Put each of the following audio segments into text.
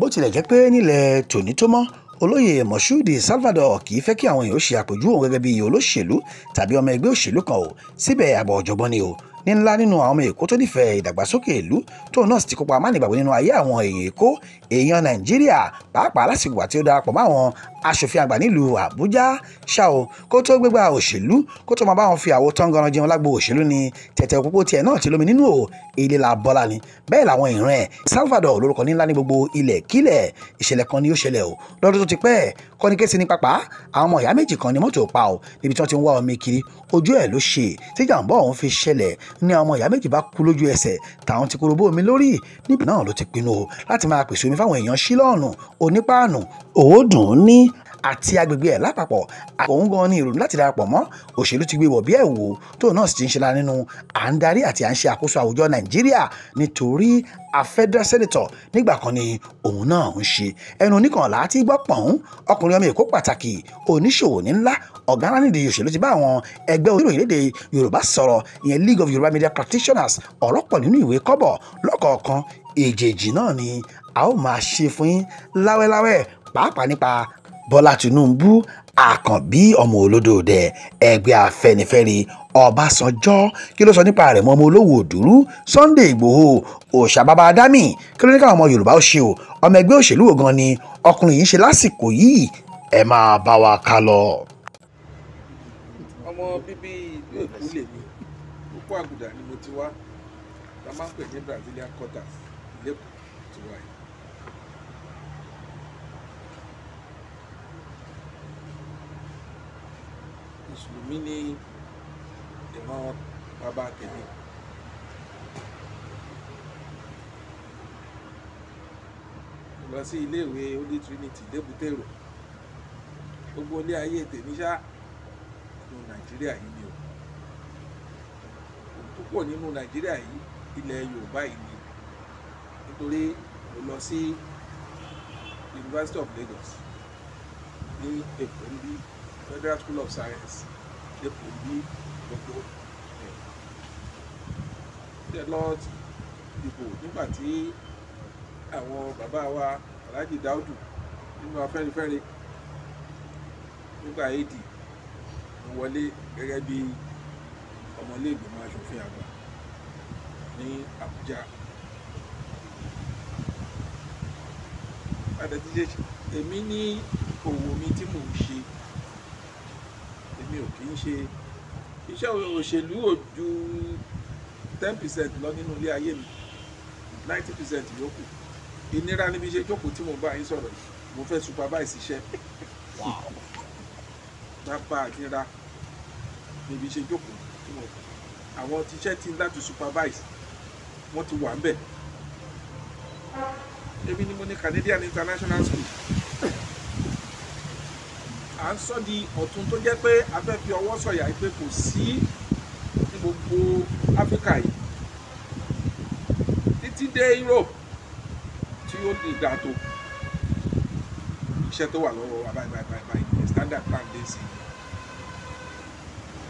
bó tilẹ̀ jẹ́ pé nílẹ̀ tòní tó mọ́ olóyè moshood salvador kì í fẹ́ kí àwọn èèyàn ṣe àpèjú òun gẹ́gẹ́ bíi olóṣèlú tàbí ọmọ ẹgbẹ́ òṣèlú kan o síbẹ̀ àgbà ọ̀jọ̀gbọ́n ni o ní ńlá nínú àwọn ọmọ èkó tó nífẹ̀ẹ́ ìdàgbàsókè ìlú tóun náà sì ti kópa mánigbàgbé nínú ayé àwọn èèyàn èkó èèyàn nàìjíríà pàápàá lásìkò àti ó darapọ̀ mọ́ àwọn aṣòfin àgbà nílùú àbújá ṣá o kó tó gbégbá òṣèlú kó tó máa bá wọn fi àwo tọ́ngànran jẹun lágbo òṣèlú ni tẹ̀tẹ̀ òpópó tiẹ̀ náà ti lómi nínú o ilé la bọ́lá ni bẹ́ẹ̀ làwọn ìran ẹ̀ salvador lórúkọ ní ńlá ní gbogbo ilẹ̀ kílẹ̀ ìṣẹ̀lẹ̀ kan ni ó ṣẹlẹ̀ o lọ́dún tó ti pẹ́ kọ́nikése ní pápá àwọn ọmọ ìyá méjì kan ni mọ́tò pa o níbi tí wọ́n ti ń wá omi kiri ojú ẹ̀ ló ṣe tíjàmbá ọ̀hún fi ṣẹlẹ̀ ní àwọn ìyá méjì bá kú lójú ẹsẹ̀ tàwọn ti korobó omi lórí níbi náà ló ti pinnu o láti máa pèsè omi fáwọn èèyàn sílọ̀ọ̀nù onípáànù òódùn ní àti agbègbè ẹ̀ lápapọ̀ òun gan ni ìrònú láti darapọ̀ mọ́ òṣèlú ti gbé wọ̀ bí ẹ̀ wò tóun náà sì ti ń ṣe la nínú à ń darí àti à ń ṣe àkóso àwùjọ nàìjíríà nítorí a federal senator nígbà kan ni òun náà ń ṣe ẹnu oníkànlá tí gbọ́ pọ̀n ọkùnrin ọmọ èkó pàtàkì oníṣòwò ní ńlá ọ̀gá ńlá nídìí òṣèlú ti bá àwọn ẹgbẹ́ oníròyìn lédè yorùbá sọ̀rọ̀ ìyẹn league of yorùbá media practitioners ọ̀rọ̀ pọ̀ nínú ìwé kọ́bọ̀ lọ́kọ̀ọ̀kan èjèèjì náà ni a ó máa ṣe fún yín láwẹ́láwẹ́ pàápàá nípa bọ́lá tinubu àkànbí ọmọ olódòdẹ ẹgbẹ́ afẹ́nifẹ́re ọbásanjọ́ kí ló sọ nípa rẹ̀ mọ́ ọmọ olówó òdúrú sunday igbòho òṣàbàbà adámì kí ló ní káwọn ọmọ yorùbá ó ṣe o ọmọ ẹgbẹ́ òṣèlú wo gan ni ọkùnrin yìí ń ṣe lásìkò yìí ẹ máa bá wa ká lọ. ọmọ bíbí ìlú èkó lèmi òkú àgùdà ni mo ti wá la máa ń pè ní brazilian quarters mini ìran bàbá tèmi. lọ sí iléèwé holy trinity lébùtèrò gbogbo ilé ayé tèmi ṣá nínú nàìjíríà yìí ni o púpọ̀ nínú nàìjíríà yìí ilẹ̀ yorùbá yìí ni nítorí mo lọ sí university of lagos ní èkó níbí federal school of science dépò ní gbogbo ẹ̀ tẹ lọ dìbò nígbà tí àwọn bàbá wa Alhaji Daudu nínú Afẹ́nifẹ́re nígbà ad mo wọlé gẹ́gẹ́ bí ọmọlẹ́gbẹ̀mọ aṣòfin àgbà ní Àbújá padà ti ṣe èmi ní òwò mi tí mò ń ṣe kì í ṣe iṣẹ́ òṣèlú ò ju ten percent lọ nínú ilé ayé mi ninety percent yòókù ìnira níbi iṣẹ́ jókòó tí mo bá yín sọ̀rọ̀ yìí mo fẹ́ supervise iṣẹ́ bàbá ìnira níbi iṣẹ́ jókòó tí mo bá àwọn tíṣẹ́ ti láti supervise wọ́n ti wà ń bẹ̀ èmi ni mo ní Canadian International School à ń sọ di ọ̀tun tó jẹ́ pé a fẹ́ fi ọwọ́ sọ̀yà pé kò sí ní gbogbo áfíríkà yìí títí dé europe tí ó di ìgbà tó iṣẹ́ tó wà lọ́wọ́ abáyébáyébáyé standard plan dé sí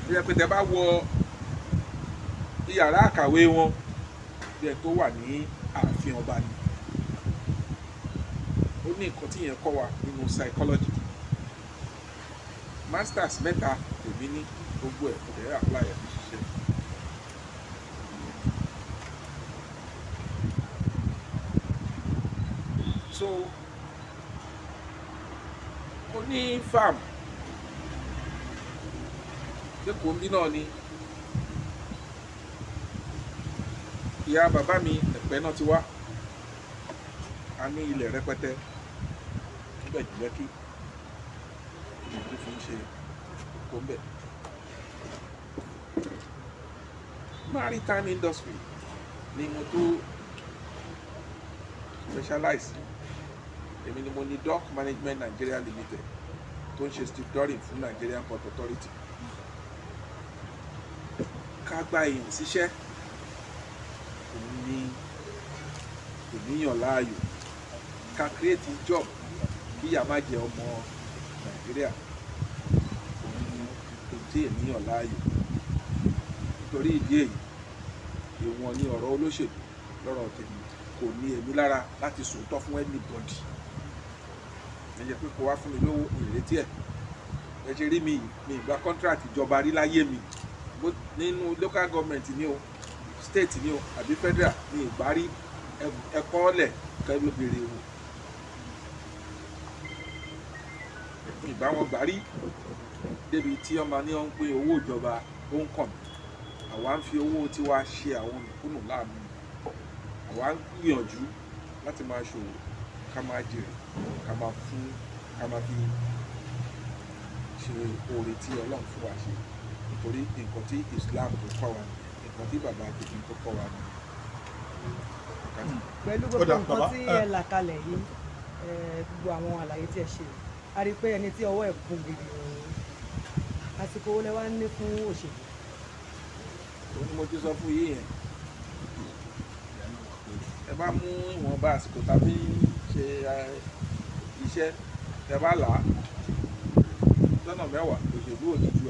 i ẹ pé tẹ bá wọ iyàrá àkàwé wọn bí ẹ tó wà ní ààfin ọba ni ó ní nǹkan tí yẹn kọ́ wa nínú psychology masters mẹ́ta èmi ní gbogbo ẹ̀ kò tẹ̀lé apply ẹ̀ fi ṣiṣẹ́. so mo ní farm lẹ́kọ̀ọ́ bí náà ni ìyá bàbá mi ẹ̀pẹ́ náà ti wá a ní ilẹ̀ rẹpẹtẹ níbẹ̀ jùlẹ́kì ṣe kò ń bẹ̀. maritime industry ni mo tó specialize èmi ni mo ní dock management nigeria limited tó ń ṣe stevedoring fún nigerian port authority ká gba èèyàn síṣẹ́ òun ni ènìyàn láàyò ká create job kí ìyà má jẹ ọmọ nàìjíríà tí èmi yàn láàyò nítorí ìdí èyí ìwọ̀n ni ọ̀rọ̀ olóṣèlú lọ́rọ̀ tèmi kò ní èmi lára láti sòótọ́ fún anybody ẹ jẹ́ pé kó wá fún mi lówó ìrètí ẹ̀ ẹ ṣe rí mi mi ìgbà contract ìjọba rí láyé mi nínú local government ni o state ni o àbí federal ni ìgbà rí ẹ̀kọ́ ọ̀lẹ̀ kẹ́lú bèrè wò ìgbà wọn gbà rí débi tí ọmọ ní ọ ń pé owó ìjọba ó ń kàn mí àwa ń fi owó tiwa ṣe àwọn mẹ̀kúnnù láàmú àwa ń gbìyànjú láti máa ṣòwò ká máa jèrè ká máa fún ká máa fi ṣe oore tí ọlọ́run fún wa ṣe nítorí nǹkan tí Islam tó kọ́ wa nǹkan tí bàbá tèmi tó kọ́ wa ni. pẹ̀lú gbogbo nǹkan tí ẹ là kalẹ̀ yìí gbogbo àwọn àlàyé tí ẹ ṣe a rí pé ẹni tí ọwọ́ ẹ̀ kún gidi àsìkò wo lẹ wá ní fún òṣèlú. ó ní mo ti sọ fún yìí yẹn ẹ bá mú ìwọ̀nba àsìkò tàbí ṣe iṣẹ́ ẹ bá là á lọ́nà mẹ́wàá òṣèlú ò ní ju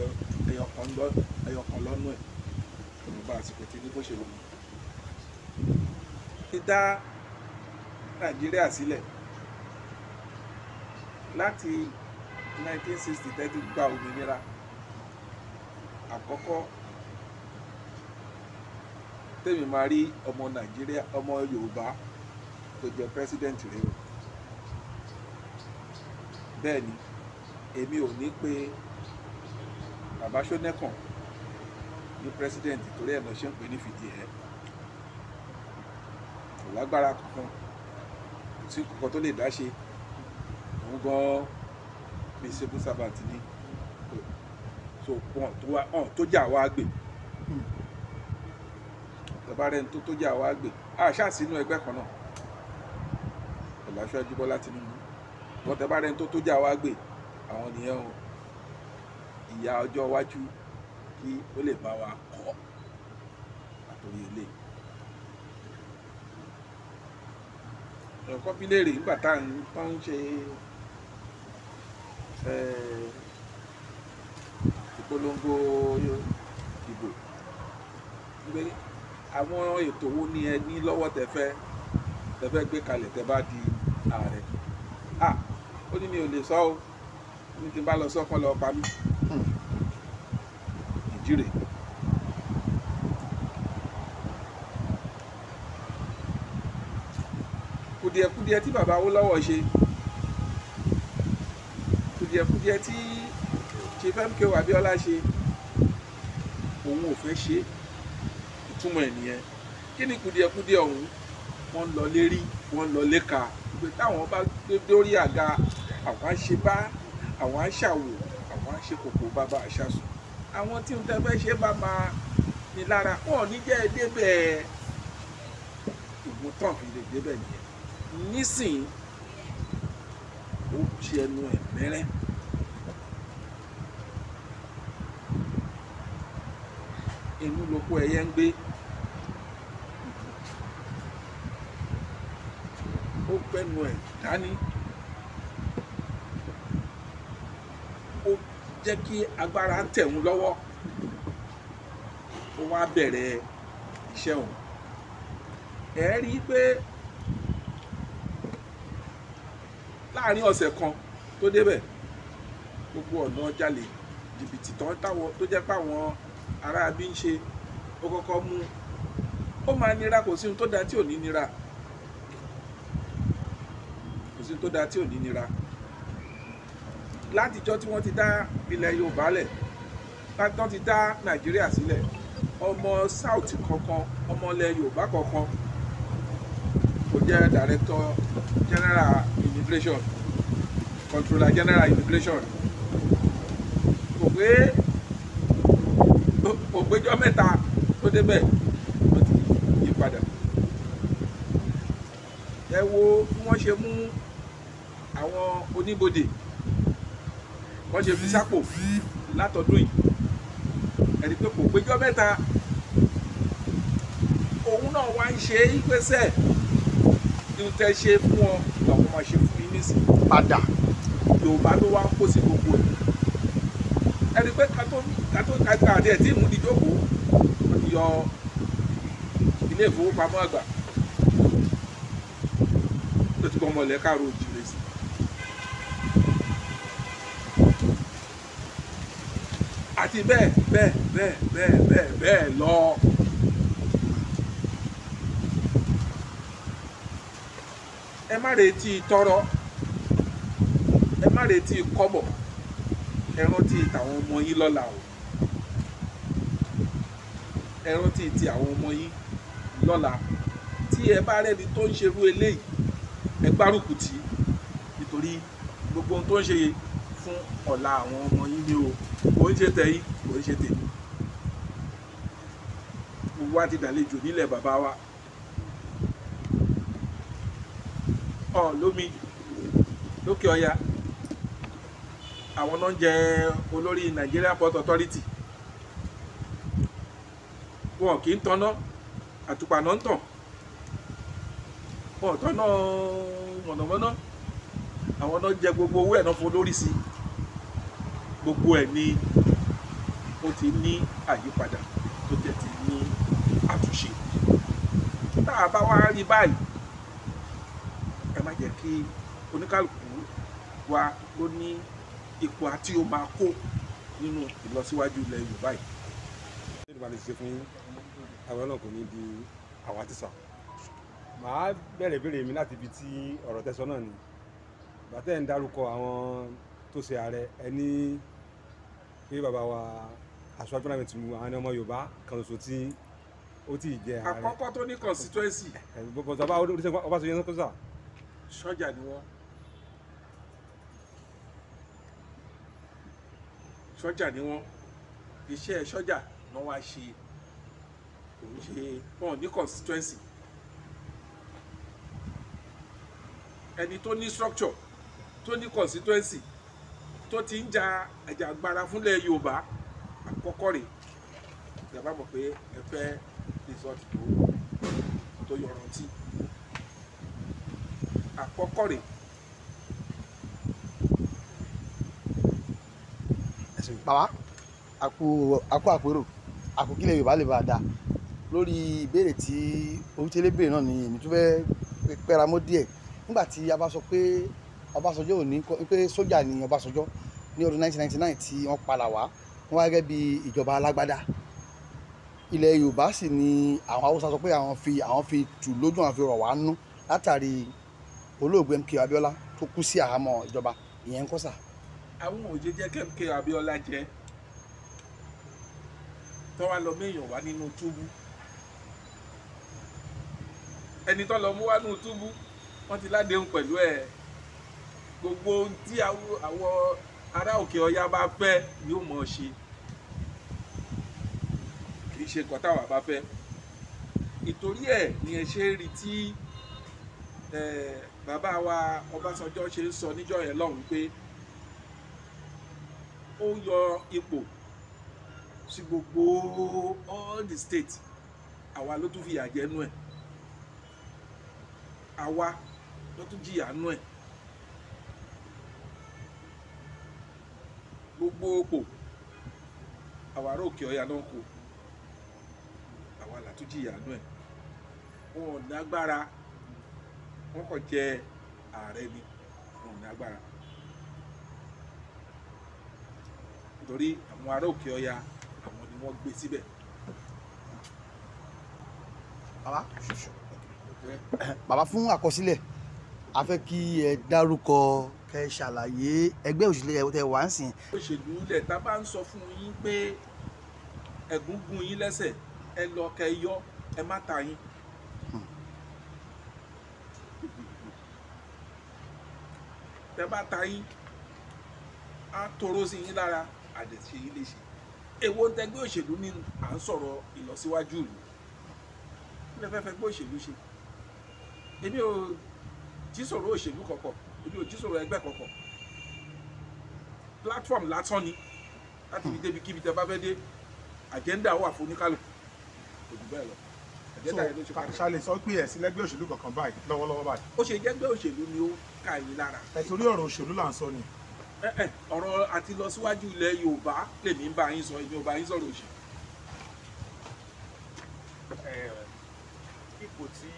ẹyọkan lọ́nà ẹ̀ ìwọ̀nba àsìkò ti ní bó ṣe wù mí. dídá nàìjíríà sílẹ̀ láti 1960 tẹ́tí gba òmìnira àkọ́kọ́ tèmi máa rí ọmọ nàìjíríà ọmọ yorùbá tó jẹ pẹ́sidẹ̀ntì rẹ o bẹ́ẹ̀ ni èmi ò ní pé bàbá ṣónẹ́kàn ní pẹ́sidẹ̀ntì torí ẹ̀ lọ ṣe ń pè ní fìdí ẹ̀ kò lágbára kankan kò sí kankan tó lè dá ṣe òun gan-an bíi civil ni tó wọn tó wá hàn tó jà wá gbè bàbá rẹ̀ tó tó jà wá gbè àṣà sínú ẹgbẹ́ kan náà pẹ̀lú aṣáájú Bọ́lá Tinubu wọn tẹ bá rẹ̀ tó tó jà wá gbè àwọn nìyẹn o ìyá ọjọ́ iwájú kí ó lè bá wa kọ́ àtòrí ilé ẹ̀kọ́ bí léèrè nígbà tá à ń ṣe ìpolongo ìbò pé àwọn ètò wo ni ẹ ní lọ́wọ́ tẹ fẹ́ tẹ fẹ́ gbé kalẹ̀ tẹ bá di ààrẹ ah ó ní mi ò lè sọ o ní ti bá lọ sọ kán lọ pa mí ìjírè. kùdìẹ̀kùdìẹ̀ tí bàbá Awólọ́wọ̀ ṣe kùdìẹ̀kùdìẹ̀ tí chief MKO Abiola ṣe òun ò fẹ́ ṣe ìtumọ̀ ẹ̀ kí ni kùdìẹ̀kùdìẹ̀ ọ̀hún wọ́n lọ lérí wọ́n lọ léka pé táwọn bá gbé dórí àga àwọn á ṣe bá àwọn á ṣàwò àwọn á ṣe kòkò bàbá àṣàsùn àwọn tí n tẹ́fẹ́ ṣe bá máa ní lára wọn ò débẹ̀ ìwọ̀n tán fi lè débẹ̀ nìyẹn nísìnyí ó ṣe ẹnu ẹ̀ mẹ́rẹ́. inú lóko ẹyẹ ń gbé ó pẹnu ẹ̀ dání ó jẹ́ kí agbára ń tẹ̀ wọ́n lọ́wọ́ ó wá bẹ̀rẹ̀ iṣẹ́ òun ẹ̀ rí i pé láàrin ọ̀sẹ̀ kan tó débẹ̀ gbogbo ọ̀nà jalè jìbìtì tó jẹ́ pé àwọn ara bí ń ṣe ó kọ́kọ́ mú ó máa nira kò sí ohun tó dáa tí ò ní nira kò sí ohun tó dáa tí ò ní nira látijọ́ tí wọ́n ti dá ilẹ̀ Yorùbá lẹ̀ látijọ́ ti dá Nàìjíríà sílẹ̀ ọmọ South kankan ọmọ ilẹ̀ Yorùbá kankan kò jẹ́ director general immigration controller general immigration kò pé kò péjọ mẹ́ta tó débẹ̀ ló ti yí padà ẹ wo bí wọ́n ṣe mú àwọn oníbodè wọ́n ṣe fi sápò látọdún yìí ẹni pé kò péjọ mẹ́ta òun náà wá ń ṣe ìgbésẹ̀ ní tẹ́ ṣe fún ọ lọ́kọ́ ṣe fún yín nísìnyí padà Yorùbá ló wá kó sí gbogbo yìí ẹni pé kátó kátó kátó àti ẹtí ìmúdìjókòó wọn ti yọ ilé ìfowópamọ́ àgbà tó ti kọ ọmọ ilẹ̀ káàró òjìlè sí. àti bẹ́ẹ̀ bẹ́ẹ̀ bẹ́ẹ̀ bẹ́ẹ̀ bẹ́ẹ̀ bẹ́ẹ̀ lọ. ẹ má retí tọrọ ẹ má retí kọ́bọ̀ ẹ rántí tàwọn ọmọ yín lọ́la o ẹ rántí ti àwọn ọmọ yín lọ́la tí ẹ bá rẹ́ni tó ń ṣerú eléyìí ẹ gbárùkù tì í nítorí gbogbo ohun tó ń ṣe fún ọ̀la àwọn ọmọ yín ni o kò ń ṣe tẹ̀yìn kò ń ṣe tèmi gbogbo wa ti dàlejò nílẹ̀ bàbá wa ọ̀ lómi lókè ọya àwọn náà olórí Nigeria Port Authority wọn kì í tanná àtùpà náà ń tàn wọn tanná mọ̀nàmọ́ná àwọn náà jẹ gbogbo owó ẹ̀ náà fún olórí sí gbogbo ẹ̀ ni ó ti ní àyípadà tó tẹ̀ ti ní àtúnṣe tá a bá wá rí báyìí ẹ má jẹ́ kí oníkálukú wa ló ní ipò àti o máa kó nínú ìlọsíwájú ilẹ̀ yorùbá yìí. ṣé ìdìbò àti ṣe fún àwọn náà kò di àwa ti sà. màá bẹ̀rẹ̀ béèrè mi láti ibi tí ọ̀rọ̀ tẹ́sán náà ni bàtẹ́ ń dárúkọ àwọn tó ṣe ààrẹ ẹni pé bàbá wa Aṣíwájú Bọ́lá Tinubu ti jẹ ààrẹ. àkọ́kọ́ tó ní constituency. ọba tó yẹ sọ́kọ́sà. sọ́jà ni wọ́n. sọ́jà ni wọ́n iṣẹ́ sọ́jà náà wá ṣe kò ń ṣe wọn ní constituency ẹni tó ní structure tó ní constituency tó ti ń ja àjàgbara fúnlẹ̀ Yorùbá àkọ́kọ́ rẹ̀ ìjọba mọ̀ pé ẹ fẹ́ resort tó tó yọrantí àkọ́kọ́ rẹ̀. bàbá àkú àkú àpérò àkú kílẹ̀ yorùbá lè bá a da lórí ìbéèrè tí orítẹ́lẹ̀ béèrè náà ni èmi tún fẹ́ pẹ́ra mọ́ díẹ̀ nígbà tí a bá sọ pé Ọbásanjọ́ ò ní pé sójà ni Ọbásanjọ́ ní ọdún 1999 tí wọ́n padà wá wọ́n wá gẹ́gẹ́ bí ìjọba alágbádá ilẹ̀ yorùbá sì ni àwọn haúsá sọ pé àwọn fi àwọn fi tù lójú àwọn fi rọ̀ wá nú látàrí olóògbé MKO Abíọ́lá tó kú sí àhámọ́ ìjọba ìyẹn ń kọ́sà àwọn òye jẹ́ kẹ́míkẹ́ Abíọ́lá jẹ́ tó wá lọ méèyàn wá nínú túbú ẹni tó lọ mú wá nínú túbú wọ́n ti ládéhùn pẹ̀lú ẹ̀ gbogbo ohun tí àwọn ará òkè ọya bá fẹ́ ni ó mọ̀ ṣe kì í ṣe nǹkan táwa bá fẹ́ ìtorí ẹ̀ ni ẹ ṣe rí tí bàbá wa Ọbásanjọ́ ṣe ń sọ níjọ́ yẹn lọ́hùn pé ó yọ ipò sí gbogbo all the state àwa ló tún fìyà jẹ nú ẹ̀ àwa ló tún jìyà nú ẹ̀ gbogbo òpò àwa ará òkè ọ̀yà náà kò àwa là tún jìyà nú ẹ̀ wọn ò ní agbára wọn kàn jẹ ààrẹ ni wọn ò ní agbára. torí àwọn ará òkè ọya àwọn ni wọ́n gbé síbẹ̀. bàbá fún àkọsílẹ̀ a fẹ́ kí ẹ dárúkọ kẹ ṣàlàyé ẹgbẹ́ òṣèlú ẹ̀ tẹ wá ń sìn. òṣèlú ilẹ̀ tá a bá ń sọ fún yín pé ẹ̀gún gún yín lẹ́sẹ̀ ẹ lọ kẹ yọ ẹ má ta yín. tẹ bá ta yín á toró sí yín lára àdẹ̀sí yìí lè ṣe èwo ń tẹgbẹ́ òṣèlú ní à ń sọ̀rọ̀ ìlọsíwájú ìlú kí lè fẹ́ fẹ́ gbé òṣèlú ṣe èmi ò jí sọ̀rọ̀ òṣèlú kọ̀kọ̀ èmi ò jí sọ̀rọ̀ ẹgbẹ́ kọ̀kọ̀ platform lásán ni láti fi débi kíbi tẹ bá fẹ́ dé agenda wà fún oníkálùkù kò jù bẹ́ẹ̀ lọ agenda yẹn ló ṣe pàtàkì. ṣàlè sọ pé ẹ̀sìn lẹ́gbẹ́ òṣèlú kankan báyìí lọ́wọ́lọ́wọ́ báyìí. ó ṣe jẹ́gbẹ́ òṣèlú ni ó ká yín lára. ẹ̀sìn orí ọ̀rọ̀ òṣèlú là ń sọ ni. Eh, eh, ọ̀rọ̀ àti lọ síwájú ilẹ̀ yorùbá lèmi ń bá yín sọ èmi ò bá yín sọ̀rọ̀ òṣì. Eh, ipò tí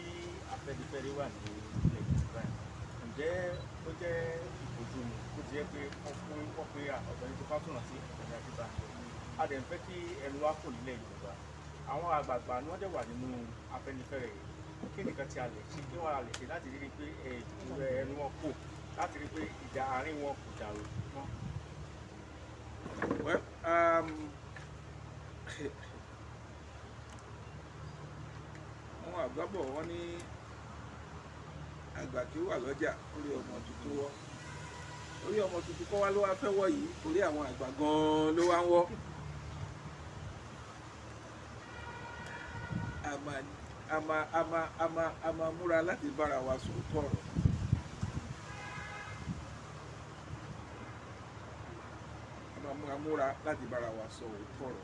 Afẹ́nifẹ́re wà ní ilẹ̀ yorùbá ǹjẹ́ ó jẹ́ ipò tó mú ó jẹ́ pé wọ́n fún wọ́n pé ọ̀gbẹ́ni tó sí ọ̀gbẹ́ni àdìbà a dẹ̀ ń fẹ́ kí ẹnu wa kò nílẹ̀ yorùbá àwọn àgbààgbà ni wọ́n dẹ̀ wà nínú Afẹ́nifẹ́re kí nìkan tí a lè ṣe kí wọ́n a lè ṣe láti rí i pé ẹnu wọn kò láti rí pé ìjà àárín wọn kò dàrú mọ́. Well, um, àwọn àgbábọ̀ wọn ní àgbà kí ó wà lọ́jà orí ọmọ tuntun wọ́ orí ọmọ tuntun kọ́ wá ló wá fẹ́ wọ́ yìí orí àwọn àgbà gan-an ló wá ń wọ́. a máa a máa a múra láti bára wa sòótọ́ ọ̀rọ̀. múra láti bára wa sọ òótọ́ ọ̀rọ̀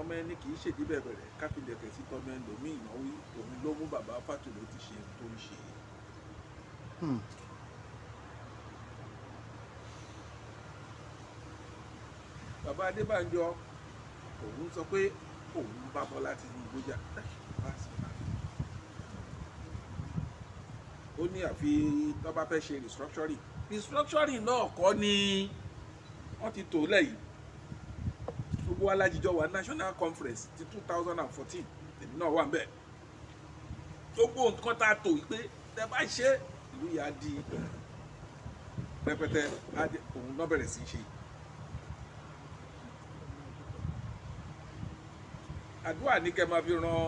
ọmọ ẹni kì í ṣèdí bẹ̀bẹ̀rẹ̀ káfíńdẹ̀kẹ̀ sí tọ́mọ ẹlòmí ìnáwó òun ló mú bàbá fàtòló ti ṣe tó ń ṣe. Hmm. bàbá adébànjọ òun sọ pé òun bá bọ́ láti ní ìgbójà ó ní àfi tó fẹ́ ṣe restructuring restructuring náà kọ́ ni. No, wọ́n ti tò lẹ́yìn gbogbo alájíjọ wa national conference ti two thousand and fourteen tèmi náà wà ń bẹ̀ gbogbo nǹkan tá a tò yìí pé tẹ bá ṣe ìlú yà á di rẹpẹtẹ òun náà bẹ̀rẹ̀ sí í ṣe. àdúrà ní kẹ́ máa fi ran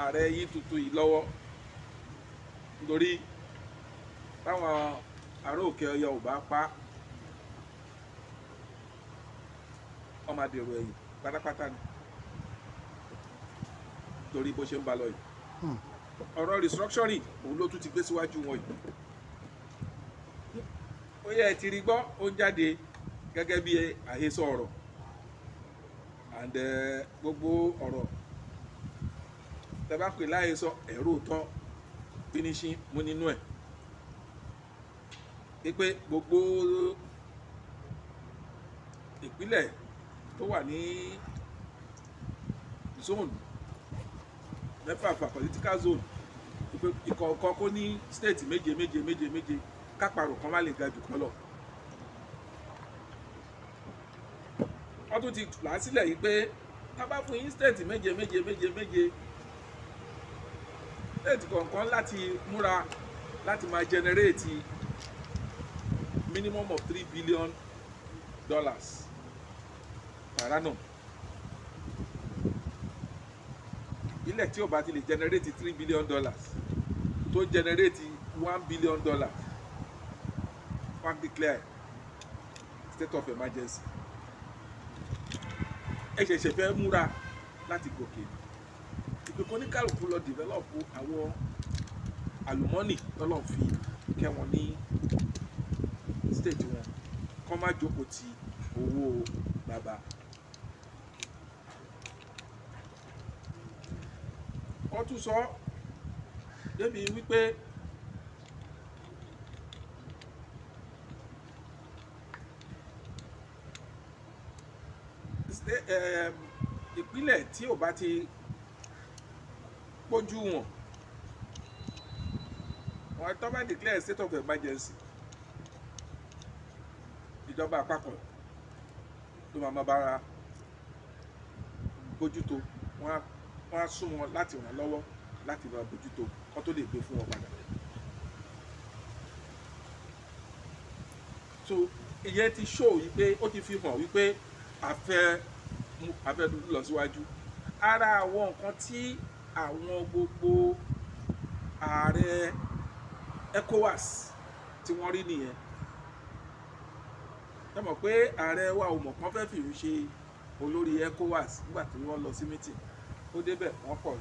ààrẹ yìí tuntun yìí lọ́wọ́ nítorí táwọn ará òkè ọya ò bá pa á. máa dèrò ẹ̀yìn pátápátá ni torí bó ṣe ń ba lọ yìí hmm. ọ̀rọ̀ restructuring òun ló tún ti gbé síwájú wọn yìí ó yẹ ẹ ti rí gbọ́ ó ń jáde gẹ́gẹ́ bí àhesọ ọ̀rọ̀ and eh, gbogbo ọ̀rọ̀ tẹ bá pè láhesọ ẹ̀rọ tán finishing mú nínú ẹ̀ wípé gbogbo ìpínlẹ̀ tó wà ní zone mẹ́fàfà political zone ìkọ̀ọ̀kan kó ní state méje méje méje méje kápárò kan má lè ga jù kan lọ. wọ́n tún ti là á sílẹ̀ yìí pé tá bá fún yín state méje méje méje méje state kọ̀ọ̀kan láti múra láti máa generate minimum of three billion dollars rárá náà ilẹ̀ tí ò ti lè generate three billion dollars tó generate one billion dollars wọ́n declare state of emergency ẹ ṣẹ̀ṣẹ̀ fẹ́ múra láti gòkè ìpínpín oníkàlùkù lọ develop àwọn àlùmọ́nì lọ́lọ́ fi kẹ́ wọn ní state wọn kọ́ má jókòó ti owó bàbá wọ́n tún sọ débi wípé ìpínlẹ̀ tí ò bá ti pójú wọn wọn tó bá declare state of emergency ìjọba àpapọ̀ ló máa máa bára bójútó wọn á wọ́n á sún wọn láti ràn lọ́wọ́ láti lọ bójútó kó tó lè gbé fún wọn padà. so ìyẹn ti show wípé ó ti fi hàn wípé àfẹ́ àfẹ́ dúdú lọ síwájú ara àwọn nǹkan tí àwọn gbogbo ààrẹ ECOWAS tí wọ́n rí nìyẹn ẹ mọ̀ pé ààrẹ wa ò mọ̀ kán fẹ́ fìrù ṣe olórí ECOWAS nígbà tí wọ́n lọ sí mítìn ó débẹ̀ wọ́n kọ̀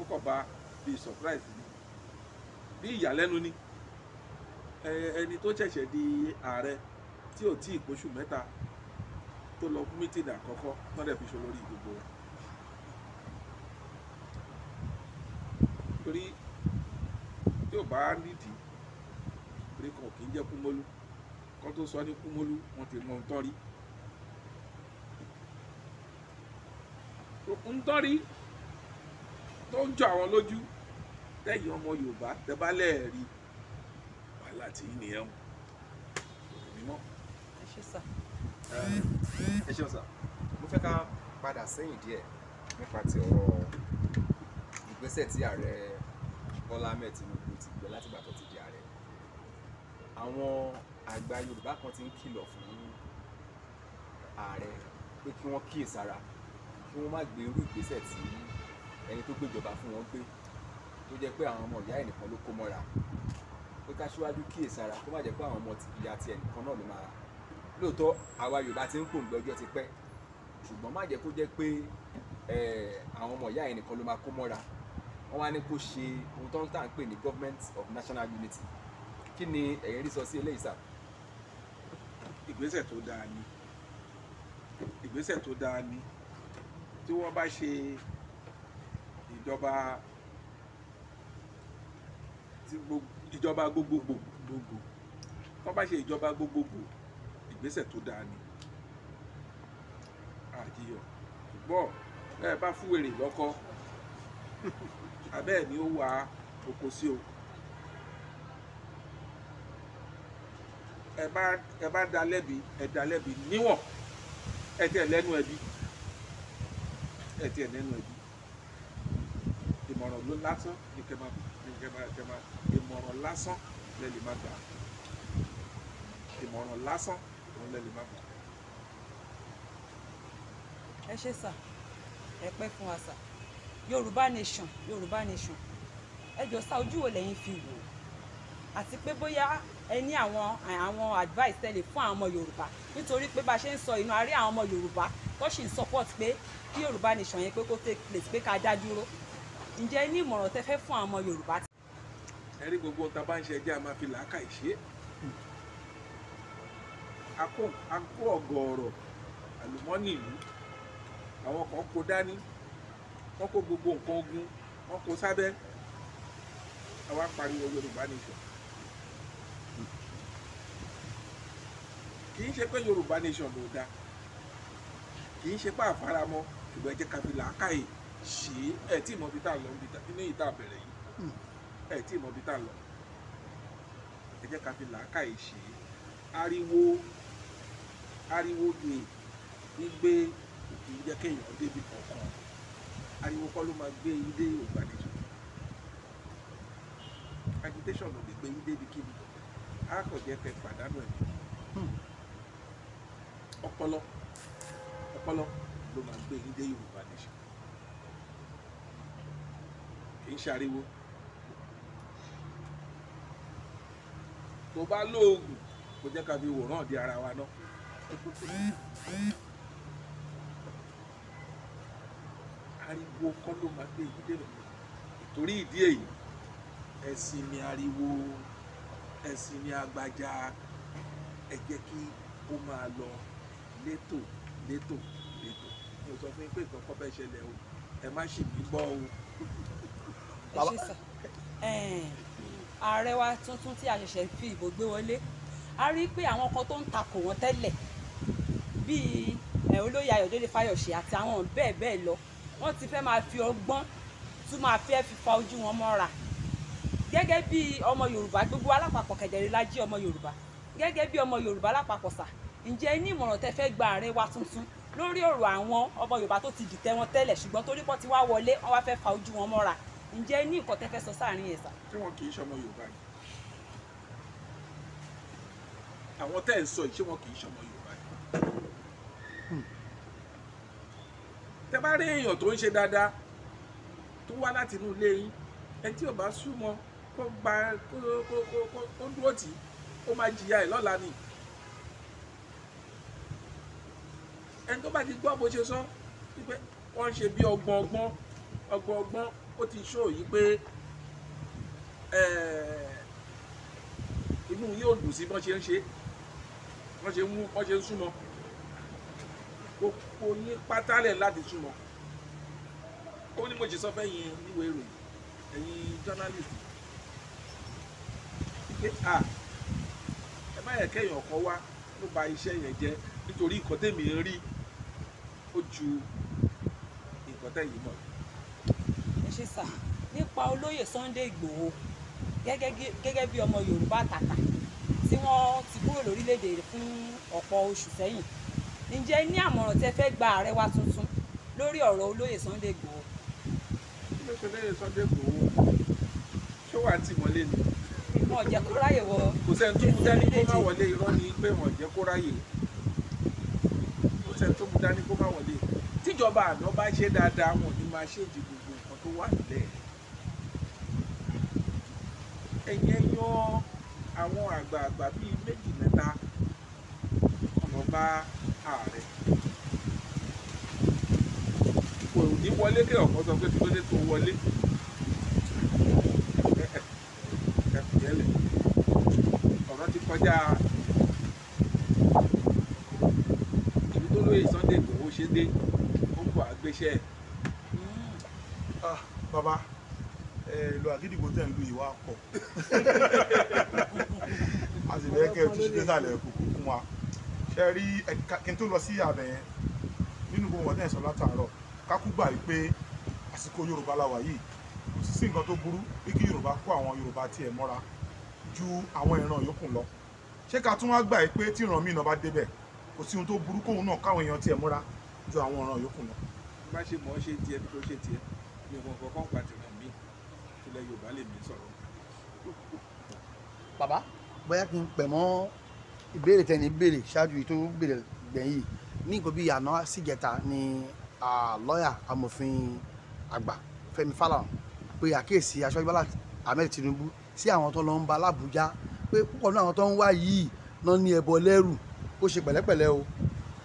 ó kọ̀ bá bíi surprise ni bí ìyàlẹ́nu ni ẹni tó ṣẹ̀ṣẹ̀ di ààrẹ tí ò tí ì póṣù mẹ́ta tó lọ fún mítìnì àkọ́kọ́ wọ́n dẹ̀ fi ṣe olórí gbogbo rẹ̀ torí tí ò bá nídìí torí kan kì í jẹ́ kúmọ́lú kan tó sọ ní kúmọ́lú wọ́n ti mọ ohun tán rí ń tọ́rí tó ń jọ àwọn lójú tẹ̀yìn ọmọ Yorùbá tẹ́bálẹ̀ rí wàhálà tí yìí nìyẹn kò mímọ́. ẹ ṣe sà. ẹ ṣe sà mo fẹ́ ká padà sẹ́yìn díẹ̀ nípa ti ọ̀rọ̀ ìgbésẹ̀ tí ààrẹ Bọ́lá Ahmed Tinubu ti gbé látìgbà tó ti di ààrẹ àwọn àgbà Yorùbá kan ti ń kìlọ̀ fún ààrẹ pé kí wọ́n kíyèsára kí wọ́n má gbé irú ìgbésẹ̀ tí ẹni tó gbéjọba fún wọn gbé tó jẹ́ pé àwọn ọmọ ìyá ẹnìkan ló kó mọ́ra pé ká síwájú kíyèsára kó má jẹ́ pé àwọn ọmọ ìyá ti ẹnìkan náà ló máa lóòótọ́ àwa Yorùbá ti ń pòǹgbẹ ọjọ́ ti pẹ́ ṣùgbọ́n má jẹ́ kó jẹ́ pé àwọn ọmọ ìyá ẹnìkan ló máa kó mọ́ra wọ́n wá ní kó ṣe ohun tó ń tà ń pè ní government of national unity kí ni ẹ̀yin rí sọ sí eléyìí sà. ìgbésẹ̀ tó dáa ni ìgbésẹ̀ tó dáa ni tí wọ́n bá ṣe ìjọba ìjọba gbogbogbò gbogbo tó bá ṣe ìjọba gbogbogbò ìgbésẹ̀ tó dáa ni àjíyọ ṣùgbọ́n bẹ́ẹ̀ bá fún wèrè lọ́kọ́ abẹ́ẹ̀ ni ó wà oko sí o ẹ bá ẹ bá dá lẹ́bi ẹ dá lẹ́bi níwọ̀n ẹ tẹ̀ lẹ́nu ẹbí. E ẹ̀tí ẹ̀ lẹ́nu ẹ̀bí ìmọ̀ràn ló lásán ní kẹma ní kẹma kẹma ìmọ̀ràn lásán lẹ́lì má gbà ìmọ̀ràn lásán òun lẹ́lì má gbà. ẹ ṣe sà ẹ pẹ́ fún wa sà yorùbá nation yorùbá nation ẹ jọ sá ojú wo lẹ́yìn fi wò àti pé bóyá ẹ ní àwọn àwọn advice tẹ́lẹ̀ fún àwọn ọmọ yorùbá nítorí pé bá a ṣe ń sọ inú àárẹ̀ àwọn ọmọ yorùbá tó sì ń support pé kí yorùbá nation yẹn pé kó take place pé ká dá dúró ǹjẹ́ ní ìmọ̀ràn tẹ fẹ́ fún àwọn yorùbá. ẹ rí gbogbo ọ̀tá bá ń ṣe ẹjẹ́ a máa fi làákàyè ṣe a kó ọ̀gọ̀ọ̀rọ̀ àlùmọ́nì ìlú àwọn kan kó dání wọ́n kó gbogbo nǹkan ogun wọ́n kó sábẹ́ àwa pariwo yorùbá nation kì í ṣe pé yorùbá nation ló dáa kì í ṣe pá àfaramọ́ ṣùgbọ́n ẹ jẹ́ ká fi làákàyè ṣe é ẹ̀ tí ìmọ̀ bí tá à ń lọ ní ìta àbẹ̀rẹ̀ yìí ẹ̀ tí ìmọ̀ bí tá à ń lọ ẹ jẹ́ ká fi làákàyè ṣe é ariwo ariwo gbè gbígbé kì í jẹ́ kéèyàn débi kankan ariwo kọ́ ló máa gbé yín dé ògbàlejò agitation ló lè gbé yín débi kíbi á kẹ́ pàdánù ẹ̀mí ọpọlọ ọpọlọ ló máa gbé yín dé Yorùbá nation kì í ṣariwo tó bá lóògùn kò jẹ́ ká fi wòrán di ara wa náà ariwo kọ́ ló máa gbé yín débẹ̀ torí ìdí èyí ẹ̀sìn mi ariwo ẹ̀sìn mi agbájá ẹ kí ó máa lọ létò létò mi ò sọ fún yín pé nǹkan kan fẹ́ ṣẹlẹ̀ o ẹ má ṣì mí gbọ́ o. ààrẹ wa tuntun tí a ṣẹ̀ṣẹ̀ fi ìbò gbé wọlé a rí i pé àwọn kan tó ń takò wọ́n tẹ́lẹ̀ bíi olóyè ayọ̀délé fáyọ̀ṣe àti àwọn bẹ́ẹ̀ bẹ́ẹ̀ lọ wọ́n ti fẹ́ máa fi ọgbọ́n tún máa fẹ́ fi fa ojú wọn mọ́ra gẹ́gẹ́ bí ọmọ yorùbá gbogbo alápapọ̀ kẹ̀dẹ̀rẹ́ la jí ọmọ yorùbá gẹ́gẹ́ bí ọmọ yorùbá lápapọ̀ sà ǹjẹ́ ní ìmọ̀ràn tẹ́ fẹ́ gba ààrẹ wa tuntun lórí ọ̀rọ̀ àwọn ọmọ Yorùbá tó ti dìtẹ̀ wọn tẹ́lẹ̀ ṣùgbọ́n torí pọ́n ti wá wọlé wọ́n wá fẹ́ fa ojú wọn mọ́ra ǹjẹ́ ní nǹkan tẹ́ fẹ́ sọ sáàrin ẹ̀ sà. tí wọn kì í ṣọmọ Yorùbá yìí àwọn tẹ́ ẹ̀ ń sọ yìí ṣé wọn kì í ṣọmọ Yorùbá yìí tẹ́ bá rí èèyàn tó ń ṣe dáadáa tó wá láti inú ilé yín ẹ tí ò bá súnmọ́ kó gba kó dúró tì í ó máa jìyà ẹ̀ lọ́la nìyí ẹni tó bá ti gbọ́ bó ṣe sọ wípé wọ́n ṣe bí ọgbọ́n ọgbọ́n ọgbọ́n ọgbọ́n ó ti ṣó yìí pé eh, inú yóò dùn sí bọ́n ṣe ń ṣe bọ́n ṣe ń mú bọ́n ṣe ń súnmọ́ gbogbo yín pátálẹ̀ láti súnmọ́ ó ní mo ṣe sọ fẹ́yìn níwèé ìròyìn ẹ̀yin journalist pé a ẹ má yẹ kẹ́yìn ọ̀kan wá ló ba iṣẹ́ yẹn jẹ́ nítorí ìkọ́tẹ́mì ń rí ó ju nǹkan tẹ̀yìn mọ̀. ẹ ṣe sà nípa olóyè Sunday Ìgbòho gẹ́gẹ́ bí ọmọ Yorùbá tàtà tí wọ́n ti kúrò lórílẹ̀‐èdè fún ọ̀pọ̀ oṣù sẹ́yìn ǹjẹ́ ní àmọ̀ràn tẹ́ fẹ́ gba ààrẹ wa tuntun lórí ọ̀rọ̀ olóyè Sunday Igboho. olóyè olóyè Sunday Igboho ṣó wàá tì mọ́lé ni. wọn ò jẹ́ kó ráyè wọ. kò sẹ́ni tó kú dání kó má wọlé irọ́ ni pé wọn ò kó ráyè sẹ́ni tó mú dání kó má wọlé tíjọba àná bá ṣe dáadáa wọn ni máa ṣe èdè gbogbo nǹkan tó wà nílẹ̀ ẹ̀yẹn yan àwọn àgbààgbà bíi méjì mẹ́ta ọ̀nà bá ààrẹ kò ní wọlé kí ọ̀kan sọ pé kílódé tó wọlé ẹ̀ẹ́dẹ́gbẹ̀rẹ̀ ṣe dé ó ń bọ̀ àgbéṣẹ́ ẹ̀. Hmm. Ah, bàbá lo àgídìgbò tẹ̀ ń lu ìwà pọ̀ a sì fẹ́ kẹ́ ẹ tún ṣe désàlẹ̀ kòkó fún wa ṣe rí kí n tó lọ sí abẹ yẹn nínú gbogbo ọ̀dẹ́ ìsọ̀ látàárọ̀ kákú gbà yìí pé àsìkò Yorùbá la wà yìí kò sì sí nǹkan tó burú pé kí Yorùbá kó àwọn Yorùbá tiẹ̀ mọ́ra ju àwọn ìran yòókù lọ ṣé ká tún wá gbà yìí pé tí ìran mìíràn bá débẹ̀ kò sí ohun tó burú kóun náà káwọn èèyàn tiẹ̀ mọ́ra ju àwọn ọ̀ràn yòókù lọ. má ṣe mọ̀ ọ́ ṣe tiẹ̀ bí kò ṣe tiẹ̀ mi ò mọ̀ kọ́kọ́ pàtì náà mí ilẹ̀ Yorùbá lè mí sọ̀rọ̀. bàbá bóyá kí n pẹ̀ mọ́ ìbéèrè tẹ̀ni béèrè ṣáájú tó béèrè gbẹ̀yìn ní nǹkan bíi àná síjẹta ni lọ́ọ̀yà amòfin àgbà Fẹ́mi Fálànà pé àkíyèsí aṣọ́jú Bọ́lá Ahmed Tinubu sí àwọn tó lọ ń ba l'Àbújá pé púpọ̀ náà àwọn tó ń wá yìí náà ní ẹbọ lẹ́rù ó ṣe pẹ̀lẹ́pẹ̀lẹ́ o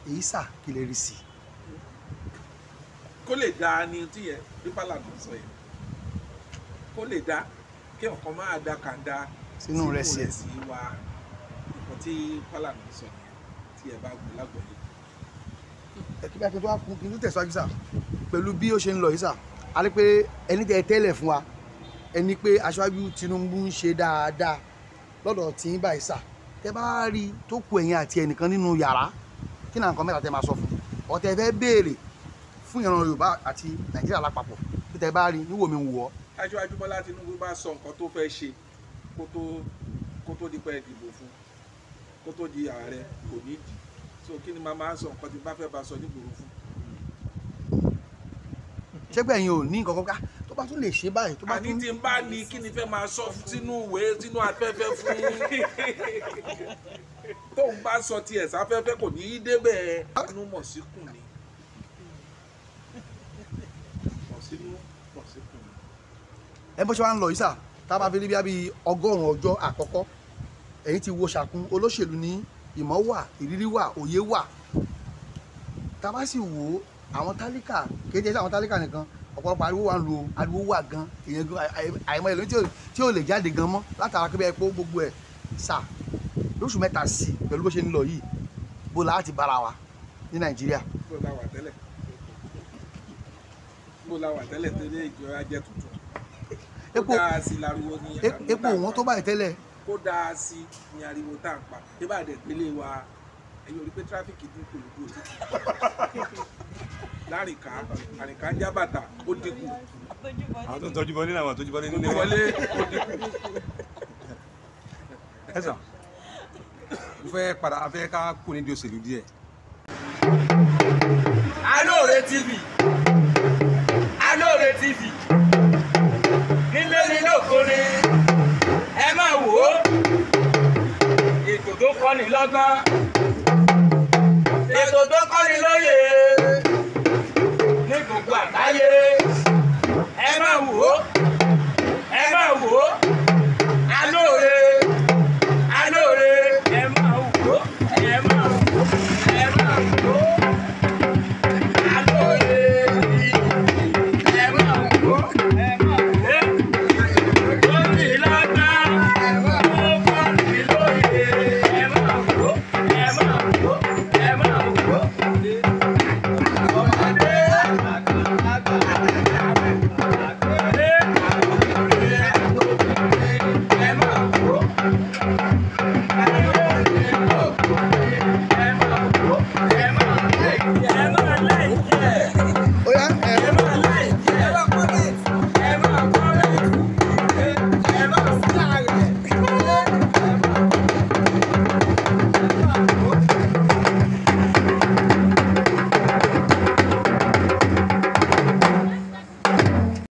èyí sà kí sí i kó lè da ni tí yẹn pípa lànà sọ yẹn kó lè da kí ọkàn máa da kàńdá sínú rẹ sí wa nǹkan tí pálànà sọ yẹn tí ẹ bá gbé lágbọ̀ọ́yé. ẹ̀kí bá kí n tó wá kún kí n tó tẹ̀síwájú sà pẹ̀lú bí ó ṣe ń lọ yìí sà a lè pé ẹni tẹ tẹ́lẹ̀ fún wa ẹni pé aṣáájú Tinubu ń ṣe dáadáa lọ́dọ̀ tí ń báyìí sà tẹ bá rí tó kù ẹ̀yìn àti ẹnìkan nínú yàrá kí náà nǹkan mẹ́ta tẹ máa sọ fún ọ̀tẹ̀ fẹ́ béèrè fún ìran Yorùbá àti Nàìjíríà lápapọ̀ bí tẹ bá rí níwò mi ń wò ọ́. aṣáájú Bọ́lá Tinubu bá sọ nǹkan tó fẹ́ ṣe kó tó kó tó di pẹ́ ìdìbò fún kó tó di ààrẹ kò ní dì so kí ni màmá sọ nǹkan tí bá fẹ́ bá sọ nígboro fún. ṣẹ́gbẹ́ yín ò ní nǹkan kankan tó bá tún lè ṣe báyìí tó bá tún. àní tí n bá ní kí ni fẹ́ máa sọ sínú ìwé sínú afẹ́fẹ́ fún tóun bá sọ tiẹ̀ sáfẹ́fẹ́ kò ní í débẹ̀ ẹnu ah. mọ̀ sí kùn. ẹ bó ṣe wá ń lọ yìí sà tá a bá fi rí bí ọgọ́rùn-ún ọjọ́ àkọ́kọ́ ẹ̀yin ti wo ṣàkun olóṣèlú ní ìmọ̀ wà ìrírí wà òye wà tá a bá sì wò ó àwọn tálíkà kéde sí àwọn tálíkà nìkan ọ̀pọ̀lọpọ̀ ariwo wà ń lo ariwo wà gan èèyàn gan àìmọ̀ èlò tí ò lè jáde gan mọ́ látara pé ẹ̀pọ̀ gbogbo ẹ̀ sà lóṣù mẹ́ta sí pẹ̀lú bó ṣe ń lọ yìí bó la ti bára wa ní nàìjíríà. bó la wà tẹ́lẹ̀ tẹ́lẹ̀ ìjọba jẹ́ tuntun epo e-, epo wọn tó báyìí tẹ́lẹ̀. kó dáa sí ni ariwo tá à ń pa nígbà dẹ̀ pélé wa ẹ̀yin orí pé tráfíkì dínkù lójú òtítì lárìnká àrìnká ń jábàtà ó dínkù. àwọn tó ń tọ́jú bọ́lé làwọn tọ́jú bọ́lé nílé wọn. wọlé ó dínkù. ẹ sàn mo fẹ́ padà a fẹ́ ká kú nídìí òṣèlú díẹ̀. Alore TV Alore TV ni lóko ni ẹ máa wò ó ètò tó ni lọ́gbọ́n ètò tó kọ́ni lóye ní gbogbo àgbáyé ẹ máa wò ó.